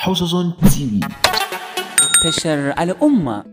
حصص تي في تشر الأمة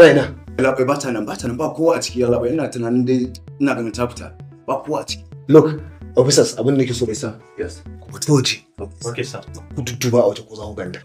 tana ina labai ba ta nan ba ta nan ba kowa a ciki ya labai ina tunanin dai ina ganin ta fita ba kowa a ciki look officers abin da ke so bai sa yes ku fito waje okay sir ku duduba a waje ko za ku ganta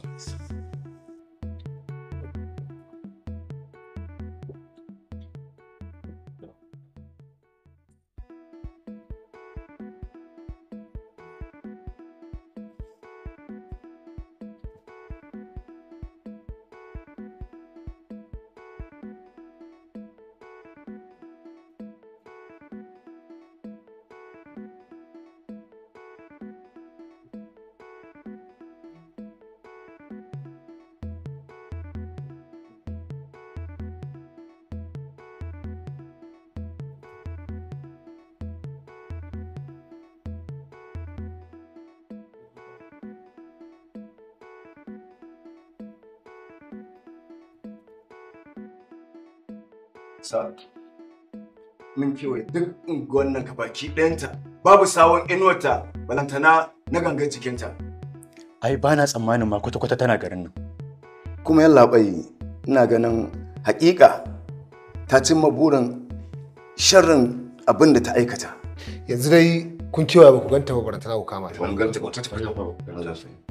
sa mun kewaye duk unguwan nan baki ɗayanta babu sawon inuwarta balantana na gangar jikinta ai ba na tsammanin ma kwata-kwata tana garin nan kuma yalla ina ganin haƙiƙa ta cimma burin sharrin abin da ta aikata yanzu dai kun kewaye ba ku ganta ba barantana ku kama ta ganta ba ta tafi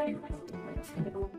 たいなと思いますけど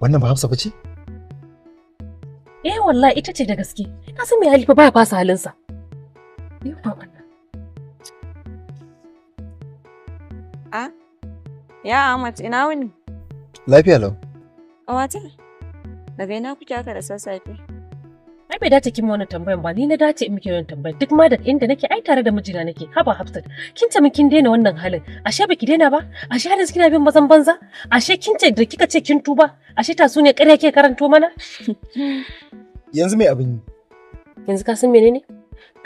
Wannan ba Hamsa ba ce? Eh wallahi ita ce da gaske. na san me fa ba ya fasa halinsa. Ni ba wannan. Ah? Ya Ahmad ina wuni? Lafiya lau. Ƙawata? Daga ina kuke aka da sassafe? Ai bai dace kin wannan tambayan ba, ni na dace in miki wannan tambayar. Duk ma da inda nake ai tare da mijina nake. Haba Hafsat, kin ta kin daina wannan halin. Ashe baki daina ba? Ashe har kina bin mazan banza? ashe kin ce da kika ce kin tuba ashe ta sune ƙarya ke karanto mana yanzu mai abin yi yanzu ka san menene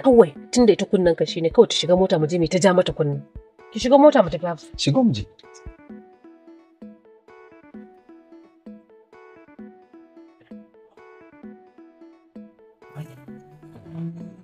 kawai tunda ita kunnen ka shine kawai ta shiga mota mu je mai ta ja mata kunni ki shiga mota mu tafi shiga mu je Thank you.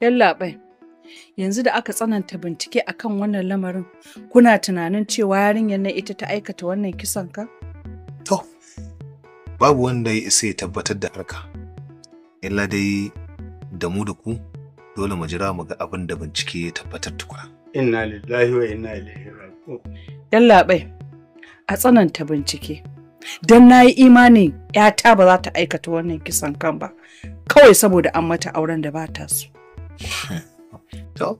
Yallabai, yanzu da aka tsananta bincike a kan wannan lamarin, kuna tunanin cewa yarinyar na ita ta aikata wannan kisan ka? To, babu wanda ya isa ya tabbatar da harka, illa dai da mu da ku dole mu jira mu ga abin da bincike ya tabbatar tukuna. Inna lillahi wa inna ilaihi raji'un. labai a tsananta bincike. dan na yi imanin ‘yata ba za ta aikata wannan kisan kan ba, kawai saboda an mata auren da ba ta so. To,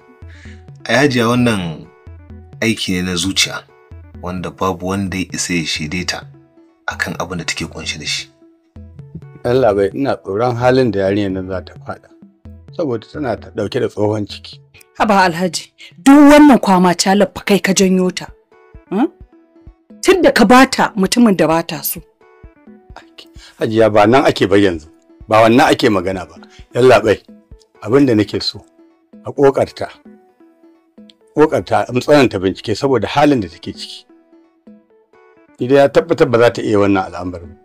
a yajiya wannan aiki ne na zuciya wanda babu wanda ya isa ya shaideta ta akan abin da take kunshi da shi. Yallaɓai, ina tsoron halin da yarinyar nan za ta faɗa. saboda tana ɗauke da tsohon ciki. Haba Alhaji, duk wannan kwama calar fa kai ka janyo ta. Hmm? Tun da ka bata mutumin da bata so. Hajiya ba nan ake ba yanzu, ba wannan ake magana ba. Yalla bai, abin da nake so, a ƙoƙarta. Ƙoƙarta in tsananta bincike saboda halin da take ciki. Idan ya tabbatar ba za ta iya wannan al'amarin.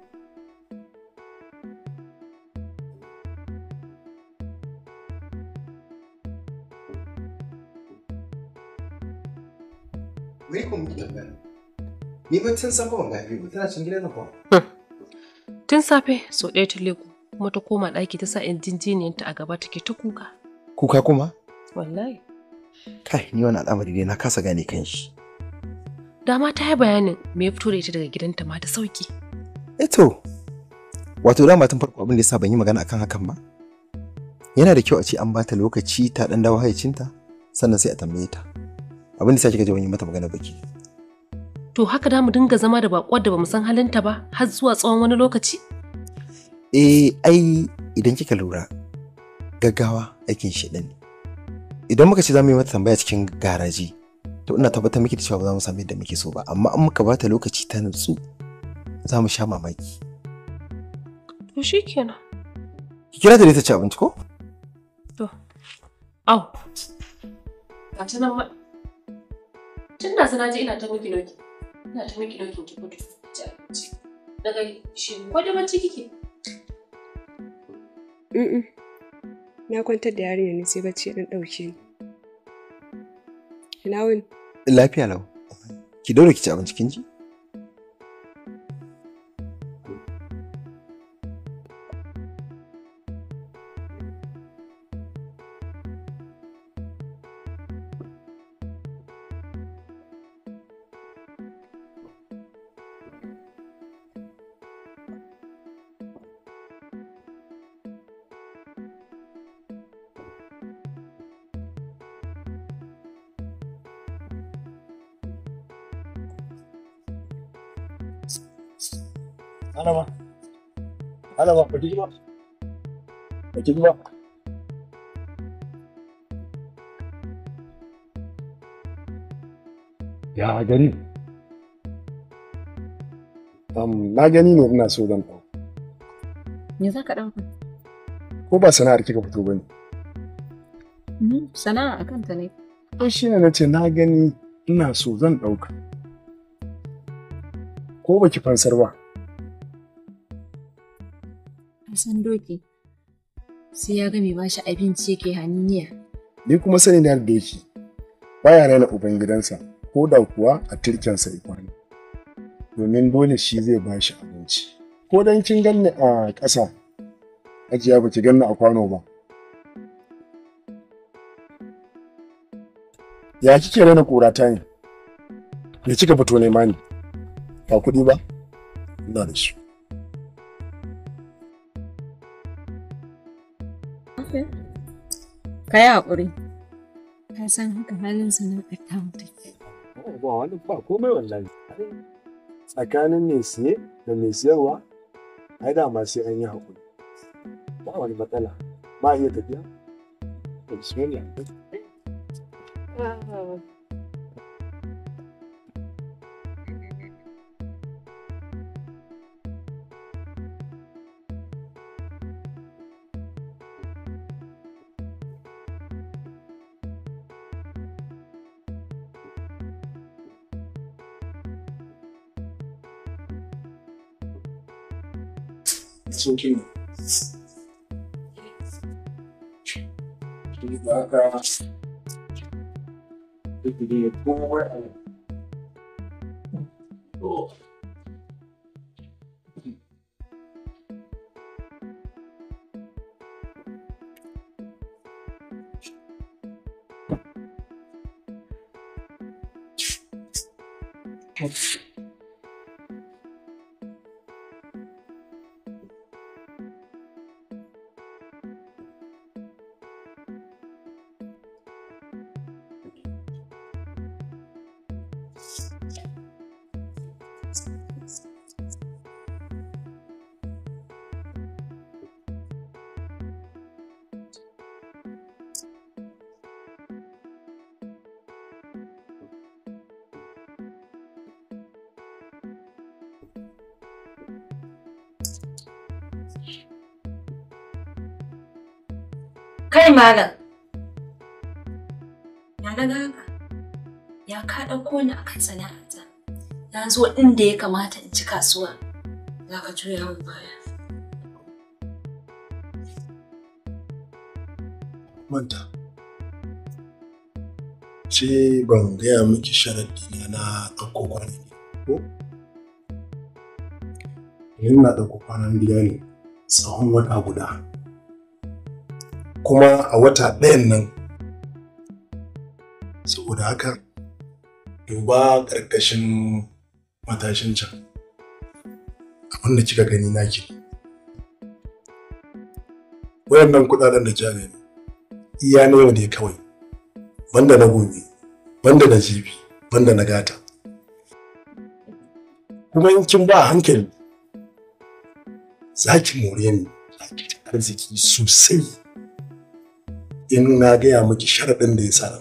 tun cin hmm. tun safe so ɗaya ta leku kuma ta koma ɗaki ta sa in jinjiniyanta a gaba take ta kuka kuka kuma wallahi kai ni wani al'amari dai na kasa gane kanshi. dama ta yi bayanin me ya fito da ita daga gidanta ma da sauki eto eh wato dama tun farko abin da yasa ban yi magana akan hakan ba yana da kyau a ce an ba ta lokaci ta dan dawo hayacinta sannan sai a tambaye ta abin da sai kika je wani mata magana baki to haka da mu dinga zama da bakwar da bamu san halinta ba har zuwa tsawon wani lokaci eh ai idan kika lura gaggawa aikin shi ne idan muka ce za mu yi mata tambaya cikin garaji to ina tabbatar miki da cewa ba za mu sami yadda muke so ba amma an muka bata lokaci ta nutsu za mu sha mamaki to shikenan ki kira ta ne ta ci abinci ko to au ga ta nan Tun da na ji ina ta miki doki. Ina ta miki doki ki fito ci abinci. Daga shi wajen bacci kike? Mm Na kwantar da yarinya ne sai bacci ya dan dauke ni. Ina wani Lafiya lau. Ki daure ki ci abinci kin ji? Alaba. bak. ba ki ji ba. Ba ki ji ba. Ya gelin. Tam na gani ne ina so zan ɗau. Me za ka ɗauka? Ko ba sana'ar kika fito ba ne? Mm-hmm. Sana'a a kanta ne. Ai shi ne na ce na gani ina so zan ɗauka. Ko baki fansar ba? san doki sai ya ga mai shi abinci yake haniniya. Ni kuma sani na doki baya raina ubangidansa ko da kuwa a turkensa ikon domin dole shi zai ba bashi abinci. Ko dan kin ganni a ƙasa ajiya ba ki ganni a kwano ba. Ya kike raina kurata ne? Me kika fito nema ni? Ba kuɗi ba? Ina da shi. lafiya? Ka yi haƙuri. Ka san haka halin sanar da ta mutu. Ba wani ba komai wallahi. Tsakanin mai siye da mai siyarwa, ai dama sai an yi haƙuri. Ba wani matsala. Ba iya tafiya. Bismillah. thinking. Back, uh, Kai malam. Ya na haka. Ya ka ɗauko ni akan sana'ata. Na zo inda ya kamata in ci kasuwa. Za ka juya min baya. Manta. Ce ban gaya miki sharaɗi na ɗauko kwanaki ko? Yin na ɗauko kwanan gida ne wata guda. kuma a wata ɗayan nan saboda haka duba ƙarƙashin matashin can abin da kika gani naki wayannan kuɗaɗen da jami'a ne iya na yau ne kawai banda na gobe banda na jibi banda na gata kuma in kin ba hankali za ki more ni za ki arziki sosai in na gaya miki sharaɗin da ya sa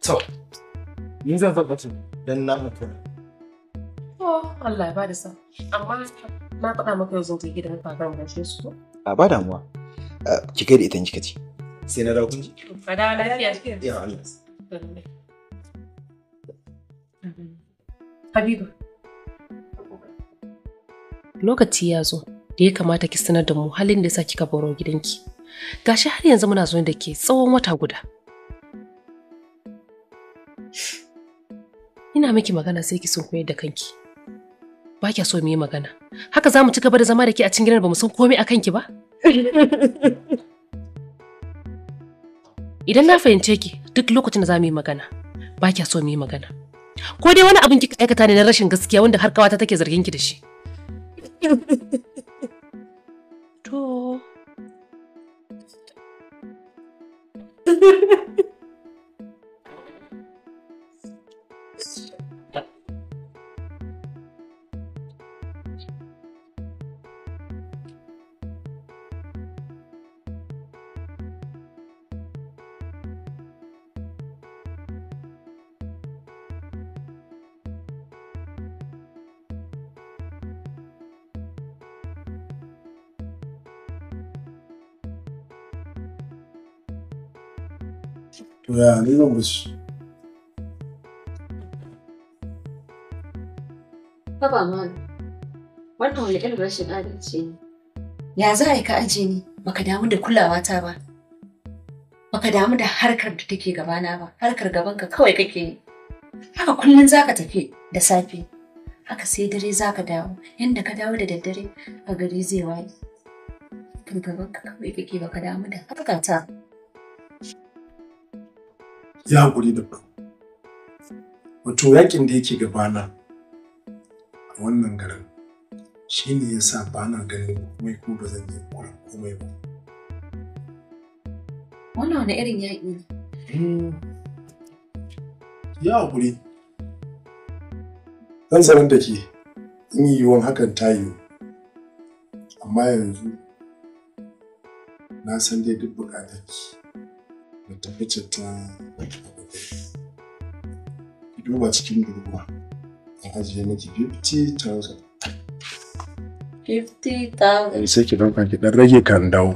To, ni zan faɗa ce don na mutu. Oh, Allah ya bada sa. Amma na faɗa maka yau zan je gidan kakan ce su. A ba damuwa. Eh, ki kai da ita kika ci. Sai na dawo kun ji. Ka dawo lafiya. Ya Allah. Habibu. Lokaci ya zo da ya kamata ki sanar da mu halin da yasa kika baro gidanki. Gashi har yanzu muna zo da ke tsawon wata guda. ana miki magana sai ki sunkuye da kanki ba kya so mu yi magana haka za mu ci gaba da zama da ke a cikin gidan ba mu san komai a kanki ba idan na fahimce ki duk lokacin da za mu yi magana ba kya so mu yi magana ko dai wani abin kika aikata ne na rashin gaskiya wanda har kawata take zargin ki da shi to to ya ni zan bashi Haba mana, wannan wani irin rashin adalci ne. Ya za a yi ka aje ni baka damu da kulawa ta ba. Baka damu da harkar da take gabana ba, harkar gaban ka kawai kake yi. Haka kullum za ka tafi da safe, haka sai dare za ka dawo, yadda ka dawo da daddare a gari zai waye. gaban ka kawai kake baka damu da harkar ta. ya guri da ku. Wato yakin da yake gabana a wannan garin shi ne ya sa ba na ganin komai ko ba zan yi ƙwarar komai ba. Wannan wani irin yaƙi ne? Hmm. Ya guri Zan sanar da ke in yi yiwuwan hakan ta yiwu. Amma yanzu na san dai duk buƙatar ki. da ta ta ki duba cikin durguwa a ajiye miki 50,000 50,000 sai ki ɗauka ki ɗan rage kan dawo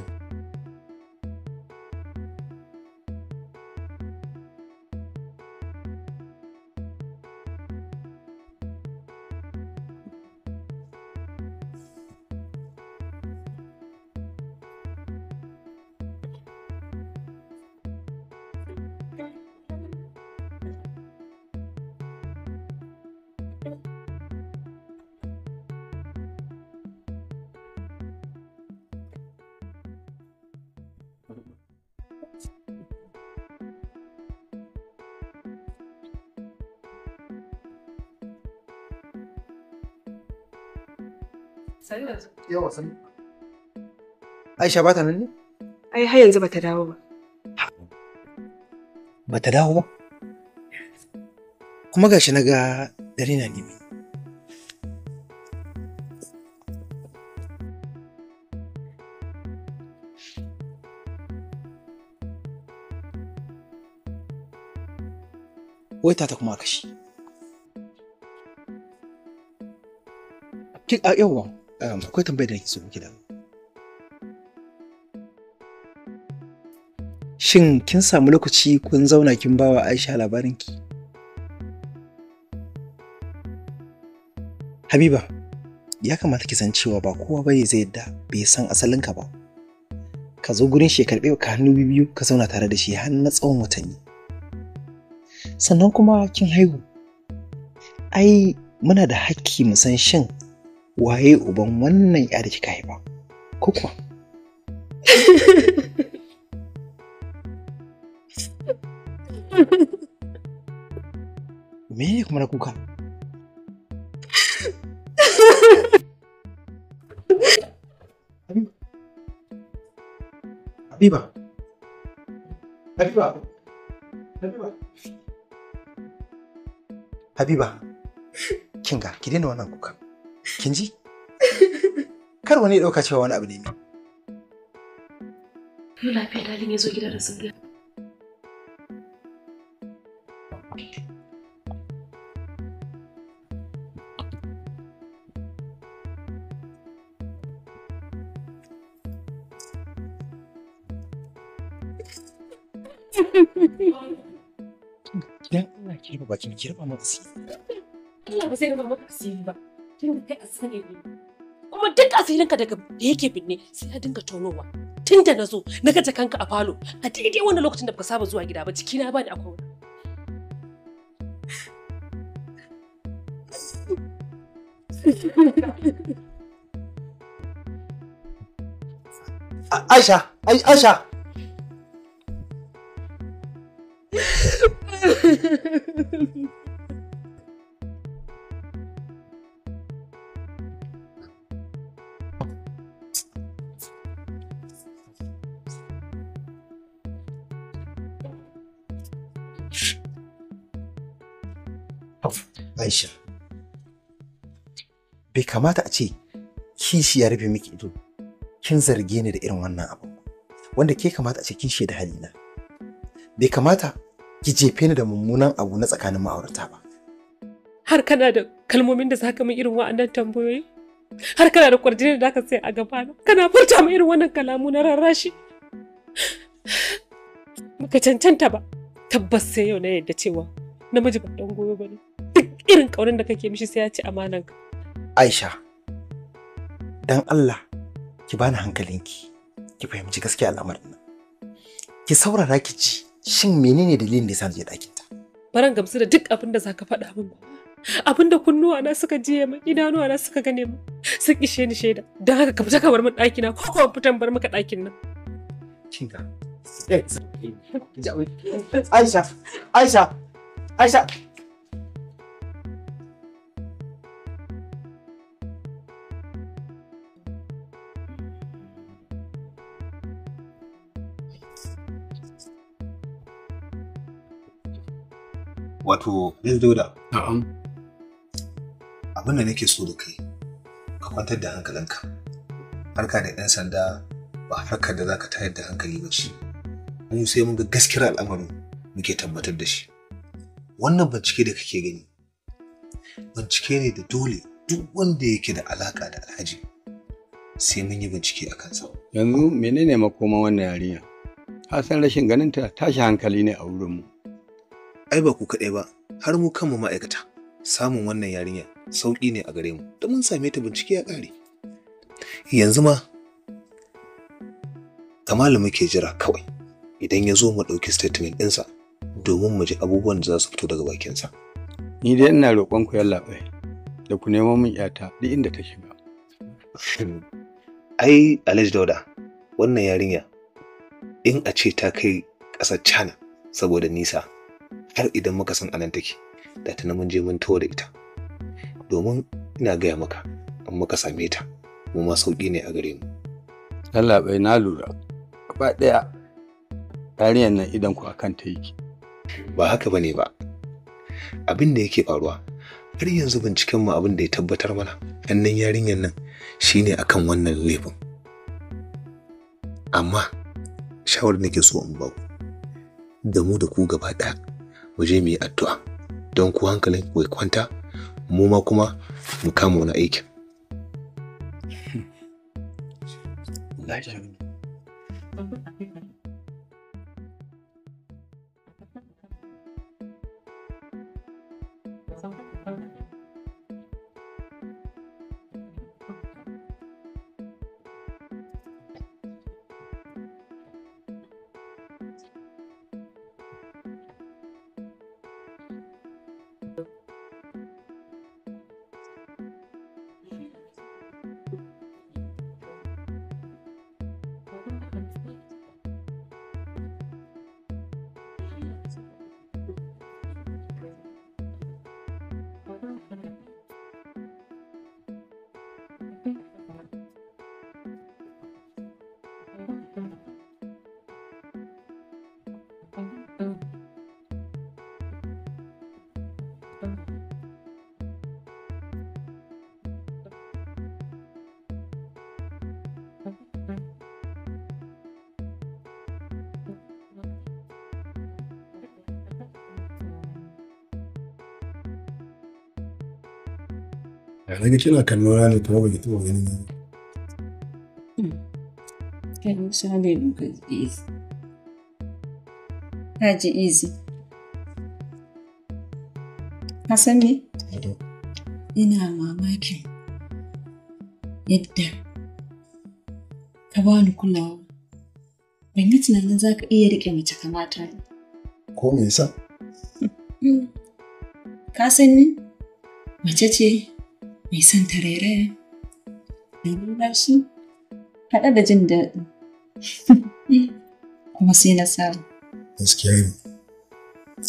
Aisha ba ta nan ne? Ai har yanzu ba ta dawo ba. Ba ta dawo ba? Kuma gashi na ga dare na nemi. Wai ta kuma kashi. Yawwa, um, akwai tambayar da nake so muke da. Shin kin samu lokaci kun zauna kin bawa Aisha labarinki? Habiba, ya kamata ki san cewa ba kowa bane zai yadda bai san asalinka ba. Ka zo gurin shi ka karɓe ka hannu biyu ka zauna tare da shi har na tsawon watanni. Sannan kuma kin haihu. Ai muna da hakki mu san shin waye uban wannan ya da kika haifa. Ko kuma? me kuma kuka Habiba Habiba Habiba Habiba kinga ki daina wannan kuka kin ji kar wani dauka cewa wani abu ne lafiya dalin ya zo gida da sun baki ki rufa mun asiri Allah ba zai rufa maka asiri ba tun da kai asiri ne kuma duk asirinka daga da yake binne sai ya dinga tonowa tun da na zo na ga kanka a falo a daidai wannan lokacin da baka saba zuwa gida ba ciki na ni akwai Aisha, Aisha, kamata a ce kishi ya rufe miki ido kin zarge ni da irin wannan abu wanda ke kamata a ce kin hali na bai kamata ki jefe ni da mummunan abu na tsakanin ma'aurata ba har kana da kalmomin da zaka min irin wa'annan tambayoyi har kana da kwarjini da zaka sai a gaba na kana furta min irin wannan kalamu na rarrashi ka cancanta ba tabbas sai yau na yadda cewa namiji ba dan goyo bane duk irin kaurin da kake mishi sai ya ci amanan ka Aisha, don Allah ki bani hankalinki, ki fahimci gaskiya al'amarin nan. Ki saurara ki ci shin menene dalilin da ya sa je ɗakinta. Baran gamsu da duk abin da za ka faɗa min Abin da kunnuwa na suka jiye ma idanuwa na suka gane ma sun ishe ni shaida. Don haka ka fita ka bar min ɗakina ko kuma fitan bar maka ɗakin nan. Kinga. Aisha, Aisha, Aisha, wato Miss Dauda. Ah. Abin da nake so da kai, ka kwantar da hankalinka. Harka da 'yan sanda ba harka da za ka tayar da hankali ba shi Mu sai mun ga gaskiyar al'amarin muke tabbatar da shi. Wannan bincike da kake gani, bincike ne da dole duk wanda yake da alaka da alhaji sai mun yi bincike a kansa. Yanzu menene makoma wannan yarinya? Hasan rashin ganinta tashi hankali ne a wurinmu. ai ba ku kaɗai ba har mu kanmu ma'aikata samun wannan yarinya sauƙi ne a gare mu da mun same ta bincike ya ƙare yanzu ma kamalu muke jira kawai idan ya zo mu ɗauki statement ɗinsa domin mu ji abubuwan da za su fito daga bakinsa ni dai ina roƙon ku yalla bai da ku nemo min yata duk inda ta shiga ai alhaji dauda wannan yarinya in a ce ta kai ƙasar cana saboda nisa har idan muka san anan take da ta mun je mun tawo da ita domin ina gaya maka in muka same ta mu ma sauƙi ne a gare mu Allah bai na lura gaba ɗaya tariyan nan idan ku akan ta yake ba haka bane ba abin da yake faruwa har yanzu binciken mu abin da ya tabbatar mana annan yarinyar nan shine akan wannan laifin amma shawarar nake so in ba da mu da ku gaba ɗaya mu je mu yi addu'a don ku hankalin ku kwanta mu ma kuma mu kama wani aikin Thank Na ga kina kallo na ne kuma baki taɓa ganin ni. Kai hmm. musu Easy. Haji Easy. Ka san me? Ina mamakin yadda ka bani kulawa. Ban yi tunanin za ka iya riƙe mace kamata ne. Ko me yasa? Hmm. Ka san ni? Mace ce mai son tarere da shi haɗe da jin daɗi kuma sai na sa. gaskiya ne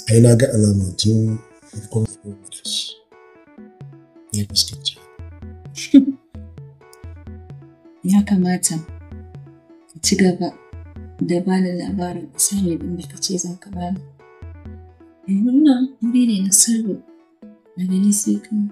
ai na ga alama kuma farkon farkon da shi na fuskanci ya kamata ka ci gaba da ba da labarin sani ɗin da ka ce zan ka ba ni. Nuna wuri ne na sirri daga nisa kuma.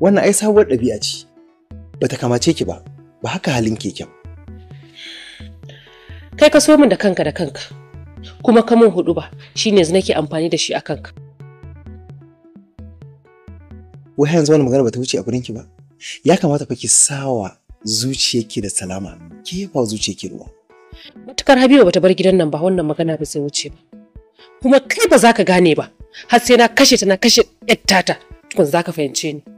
wannan ai sabuwar ɗabi'a ce ba ta kamace ki ba ba haka halin keken kai ka so min da kanka da kanka kuma ka mun hudu ba shine yanzu nake amfani da shi a kanka wai yanzu wani magana ba ta wuce a gurinki ba ya kamata fa ki sawa zuciyarki da salama ke fa zuciyarki ruwa matukar habiba bata bar gidan nan ba wannan magana ba sai wuce ba kuma kai ba za ka gane ba har sai na kashe ta na kashe yattata kun za ka fahimce ni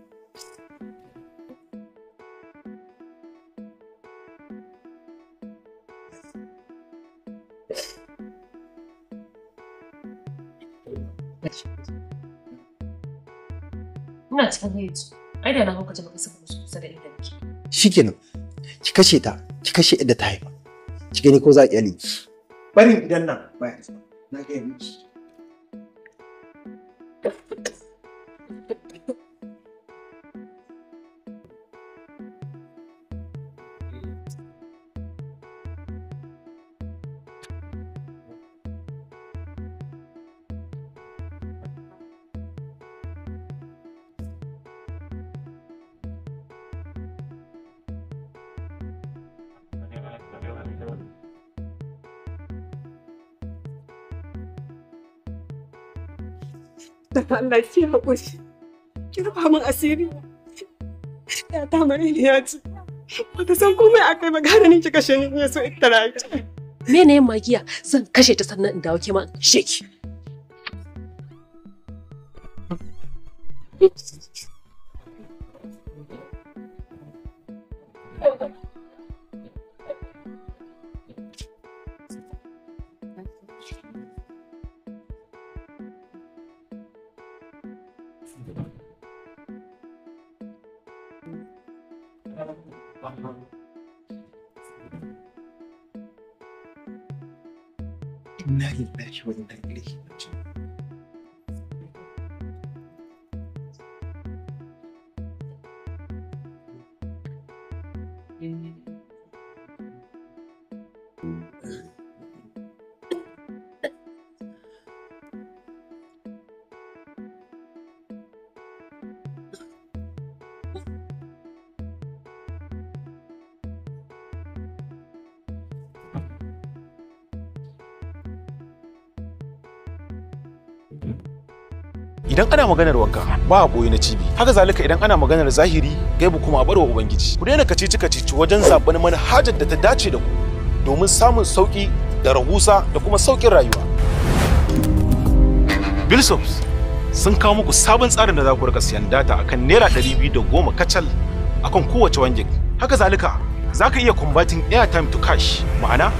Ina cikin hayyaci. Ai da na hauka ta baka saka musu kusa da inda nake. Shikenan. Ki kashe ta, ki kashe inda ta haifa. Ki ni ko za ki yale Na miki. Da Allah ki haƙuri. Ki rufa min asiri. Ya ta mare ni ya ci. Bata san komai a kai ba gara ni ki kashe ni in so ita rayu. Mene magiya zan kashe ta sannan in dawo ke ma sheki. idan ana maganar wanka ba a boye na cibi haka zalika idan ana maganar zahiri gaibu kuma a barwa ubangiji ku daina kacici kacici wajen zaɓar manhajar da ta dace da ku domin samun sauki da rahusa da kuma saukin rayuwa bilsops sun kawo muku sabon tsarin da za ku rika siyan data akan naira ɗari biyu da goma kacal akan kowace wangin haka zalika za ka iya converting airtime to cash ma'ana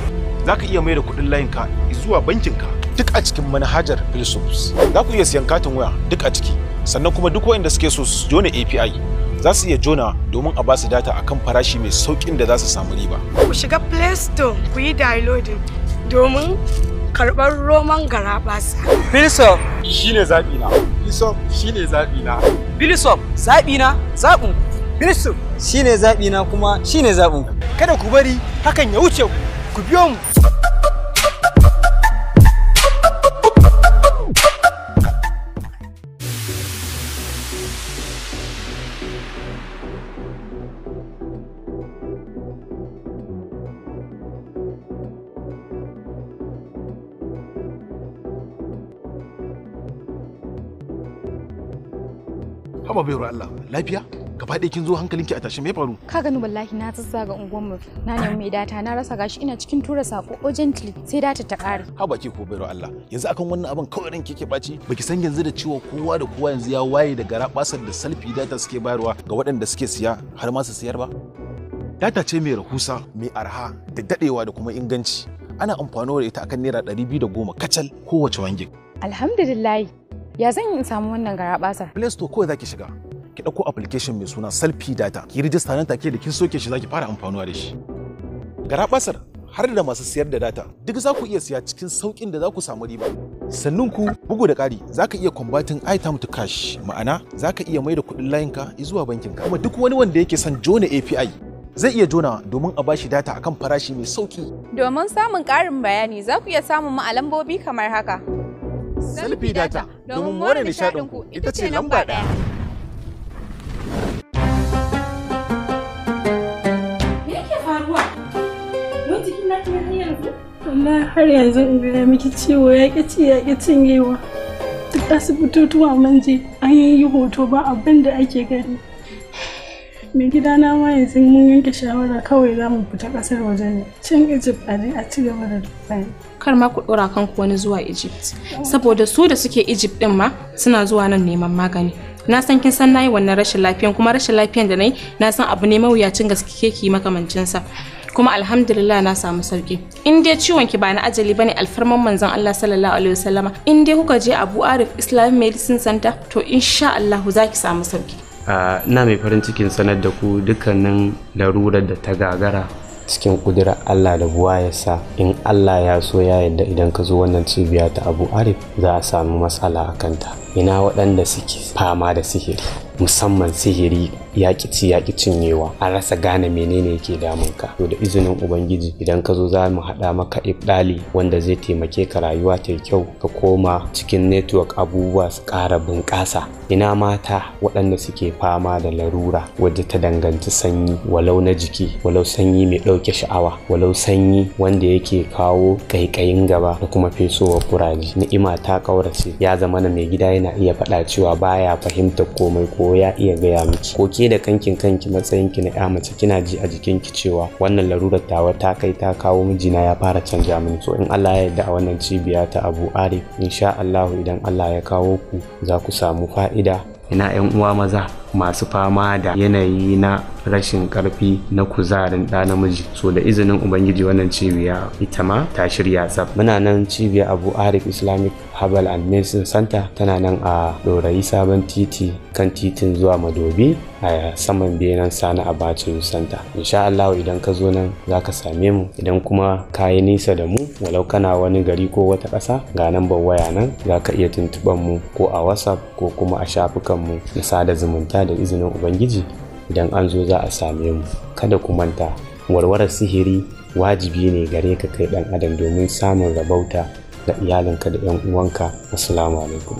za ka iya mai da kuɗin layinka zuwa ka. duk a cikin manhajar Philosophes. Za ku iya siyan katin waya duk a ciki, sannan kuma duk waɗanda suke so su jona API za su iya jona domin a ba su data akan farashi mai sauƙin da za su samu riba. Ku shiga Play Store ku yi downloading domin karɓar roman garaɓasa. Philosoph shine zaɓi na. Philosoph shine zaɓi na. Philosoph zaɓi na zaɓin. Philosoph shine zaɓi na kuma shine zaɓin. Kada ku bari hakan ya wuce ku. Ku biyo mu. haba baiwar Allah lafiya gaba ɗaya kin zo hankalinki a tashi me faru ka gani wallahi na zazzaga unguwar mu na nemi mai data na rasa gashi ina cikin tura sako urgently sai data ta ƙare ba ki ko baiwar Allah yanzu akan wannan abin kawai ran kike baci baki san yanzu da ciwo kowa da kowa yanzu ya waye da gara basar da salfi data suke bayarwa ga waɗanda suke siya har ma su siyar ba data ce mai rahusa mai arha da dadewa da kuma inganci ana amfani da ita akan naira 210 kacal kowace wange alhamdulillah Ya zan in samu wannan garabasar? Play Store kawai zaki shiga. Ki ɗauko application mai suna Selfie Data. Ki register nan take da kin soke shi zaki fara amfanuwa da shi. Garabasar har da masu siyar da data duk za ku iya siya cikin saukin da za ku samu riba. Sannan ku bugu da ƙari za ka iya converting item to cash ma'ana za ka iya maida kuɗin layinka zuwa bankinka. Kuma duk wani wanda yake son jona API zai iya jona domin a bashi data akan farashi mai sauƙi. Domin samun ƙarin bayani za ku iya samun mu a lambobi kamar haka. Selfie data domin more nishadinku ita ce lamba ɗaya. Me yake faruwa? Wai jikin na har yanzu? Amma har yanzu in gaya miki ciwo ya ƙi ci ya ƙi cinyewa. Duk asibitotuwa mun je an yi hoto ba abin da ake gani. mai gidana ma yanzu mun yanke shawara kawai za mu fita kasar waje ne cin egypt a dai a ci gaba da dubai kar ma ku dora kanku wani zuwa egypt saboda su da suke egypt din ma suna zuwa nan neman magani na san kin san nayi wannan rashin lafiyan kuma rashin lafiyan da nayi na san abu ne mawuyacin gaske ke makamancin sa kuma alhamdulillah na samu sauki in dai ciwon ki ba na ajali bane alfarman manzon Allah sallallahu alaihi wasallama in dai kuka je Abu Arif Islamic Medicine Center to insha Allah za ki samu sauki na mai farin cikin sanar da ku dukkanin larurar da ta gagara cikin kudura Allah da buwa ya sa in Allah ya so ya yadda idan ka zo wannan cibiya ta Abu Arif za a samu matsala a kanta. ina waɗanda suke fama da sihiri musamman sihiri yaƙi ci yaƙi cinyewa an rasa gane menene yake damun ka to da izinin ubangiji idan ka zo za mu haɗa maka ibdali wanda zai taimake ka rayuwa ta kyau ka koma cikin network abubuwa su ƙara bunƙasa ina mata waɗanda suke fama da larura wadda ta danganci sanyi walau na jiki walau sanyi mai ɗauke sha'awa walau sanyi wanda yake kawo ƙaiƙayin gaba da kuma fesowar kuraje ni'ima ta ƙaurace ya zama na mai gida yana na iya faɗa cewa baya fahimta komai ko ya iya gaya miki ko ke da kankin kanki matsayin ki na ya mace kina ji a jikin ki cewa wannan larurar tawa ta kai ta kawo mijina ya fara canja mini so in Allah ya yarda a wannan cibiya ta Abu Arif insha Allah idan Allah ya kawo ku za ku samu fa'ida ina yan uwa maza masu fama da yanayi na rashin karfi na kuzarin ɗa namiji so da izinin ubangiji wannan cibiya ita ma ta shirya tsaf muna nan cibiya abu arif islamic herbal and medicine center tana nan a ɗorayi sabon titi kan titin zuwa madobi a saman benin sani abacin center insha allahu idan ka zo nan za ka same mu idan kuma ka yi nisa da mu walau kana wani gari ko wata ƙasa ga ban waya nan za ka iya tuntuɓan mu ko a whatsapp ko kuma a shafukan mu na sada zumunta mata da izinin ubangiji idan an zo za a same mu kada ku manta warwarar sihiri wajibi ne gare ka kai dan adam domin samun rabauta da iyalinka da 'yan uwanka assalamu alaikum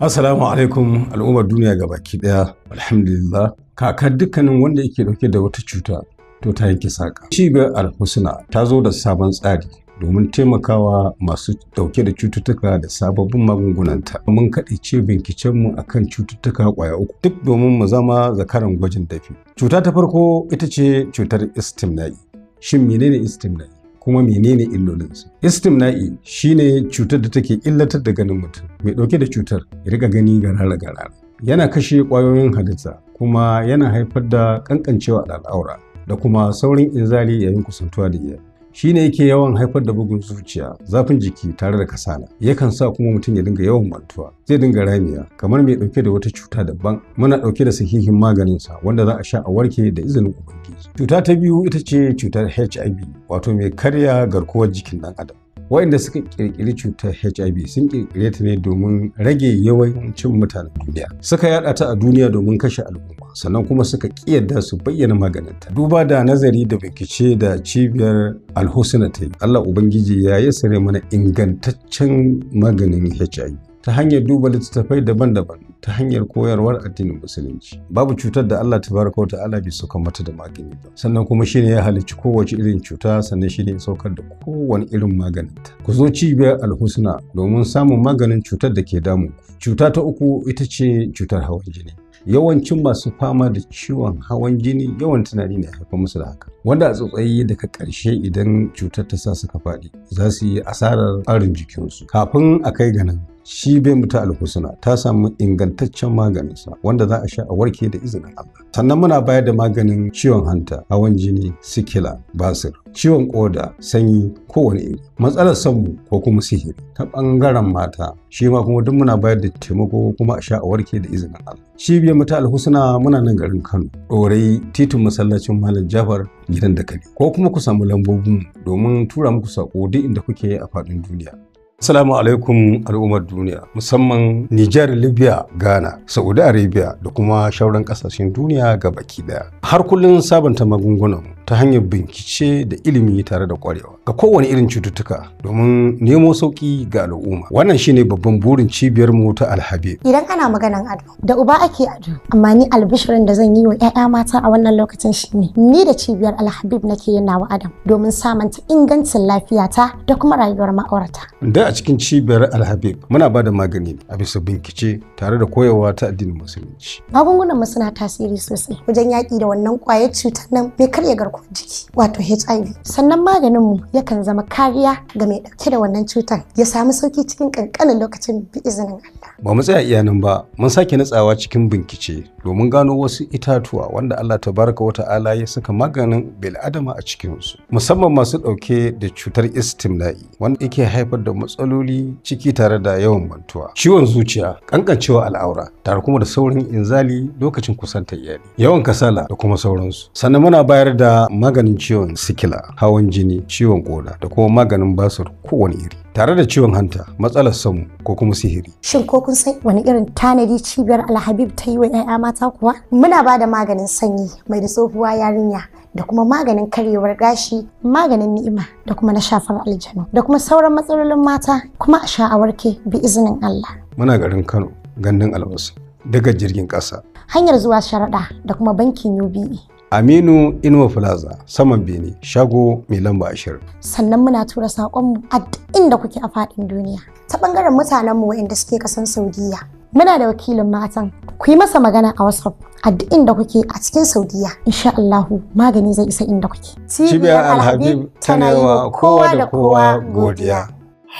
assalamu alaikum al'ummar duniya ga baki ɗaya, alhamdulillah kakar dukkanin wanda yake dauke da wata cuta to ta yanke saka cibiyar alhusna ta zo da sabon tsari domin taimakawa masu dauke da cututtuka da sababbin magungunanta mun kaɗaice binkicenmu a kan cututtuka ƙwaya uku duk domin mu zama zakaran gwajin dafi cuta ta farko ita ce cutar istimna'i shin menene istimna'i kuma menene illolinsu istimna'i shine cutar da take illatar da ganin mutum mai dauke da cutar ya riga gani garara garara yana kashe ƙwayoyin halitta kuma yana haifar da kankancewa da al'aura da kuma saurin inzali yayin kusantuwa da iyali Shi ne yake yawan haifar da bugun zuciya zafin jiki tare da kasala yakan sa kuma mutum ya dinga yawan mantuwa zai dinga ramiya kamar mai dauke da wata cuta daban muna dauke da sahihin maganin sa wanda za a sha a warke da izinin ubangiji cuta ta biyu ita ce cutar HIV wato mai karya garkuwar jikin dan adam waɗanda suka ƙirƙiri cutar HIV sun ƙirƙire ta ne domin rage yawancin mutanen duniya. Suka yaɗa ta a duniya domin kashe al'umma, sannan kuma suka ƙiyarda su bayyana maganinta. Duba da nazari da bikice da cibiyar alhusna ta Allah Ubangiji ya yi sare mana ingantaccen maganin HIV. ta hanyar duba littattafai daban-daban ta hanyar koyarwar addinin musulunci babu cutar da Allah tabaraka wa ta'ala bai sauka mata da magani ba sannan kuma shine ya halicci kowace irin cuta sannan shine ya saukar da kowane irin maganin ta. ku zo cibiyar alhusna domin samun maganin cutar da ke damu cuta ta uku ita ce cutar hawan jini yawancin masu fama da ciwon hawan jini yawan tunani ne haifar musu da haka wanda a tsotsayi daga karshe idan cutar ta sa suka faɗi za su yi asarar ƙarin jikinsu kafin a kai ga nan shi bai mutu alhusuna ta samu ingantaccen maganinsa wanda za a sha a warke da izinin Allah sannan muna bayar da maganin ciwon hanta hawan jini sikila basir ciwon koda sanyi kowane iri matsalar sanmu ko kuma sihiri ta bangaren mata shi ma kuma duk muna bayar da taimako kuma a sha a warke da izinin Allah shi bai mutu alhusuna muna nan garin Kano Ɗorai, titin masallacin Malam Jafar gidan da kare ko kuma ku samu lambobin domin tura muku sako duk inda kuke a faɗin duniya Assalamu alaikum al'ummar duniya musamman Niger, Libya, Ghana, Saudi Arabia da kuma shauran kasashen duniya ga baki daya. Har kullun sabanta magungunan ta hanyar bincike da ilimi tare da kwarewa ga kowane irin cututtuka domin nemo sauƙi ga al'umma wannan shine babban burin cibiyar mu ta alhabe idan ana maganan ado da uba ake ado amma ni albishirin da zan yi wa 'ya'ya mata a wannan lokacin shine ni da cibiyar alhabib nake yin nawa adam domin samanta ingancin ta da kuma rayuwar ma'aurata da a cikin cibiyar alhabib muna ba da magani a bisa bincike tare da koyarwa ta addinin musulunci magungunan mu suna tasiri sosai wajen yaƙi da wannan ƙwayar cutar nan bai karya garkuwa garkuwar jiki wato HIV. Sannan maganin mu yakan zama kariya ga mai ɗauke da wannan cutar ya samu sauki cikin ƙanƙanin lokacin bi izinin Allah. Ba mu tsaya iya ba, mun sake nutsawa cikin bincike domin gano wasu itatuwa wanda Allah ta tabaraka wa ta'ala ya saka maganin bil'adama a cikinsu. Musamman masu ɗauke da cutar istimla'i wanda yake haifar da matsaloli ciki tare da yawan mantuwa. Ciwon zuciya, kankancewa al'aura, tare kuma da saurin inzali lokacin kusantar iyali. Yawan kasala da kuma sauransu. Sannan muna bayar da maganin ciwon sikila hawan jini ciwon koda da kuma maganin basur kowane iri tare da ciwon hanta matsalar samu ko kuma sihiri. Shin ko kun san wani irin tanadi cibiyar Alhabib ta yi wa 'ya'ya mata kuwa? Muna ba da maganin sanyi mai da tsohuwa yarinya da kuma maganin karyewar gashi, maganin ni'ima da kuma na shafar aljanu da kuma sauran matsalolin mata kuma a sha'awarke bi izinin Allah. Muna garin Kano, gandun albasa, daga jirgin ƙasa. Hanyar zuwa sharaɗa da kuma bankin UBE. Aminu Inuwa Plaza, saman Bene, shago mai lamba ashirin. Sannan muna tura saƙonmu a inda kuke a faɗin duniya. Ta ɓangaren mutanenmu waɗanda suke ƙasan Saudiya. Muna da wakilin matan. Ku yi masa magana a WhatsApp a inda kuke a cikin Saudiya. Insha Allahu magani zai isa inda kuke. Cibiyar Alhabib tana wa kowa da kowa godiya.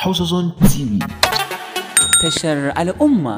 Hausa Zone TV. Tashar al'umma.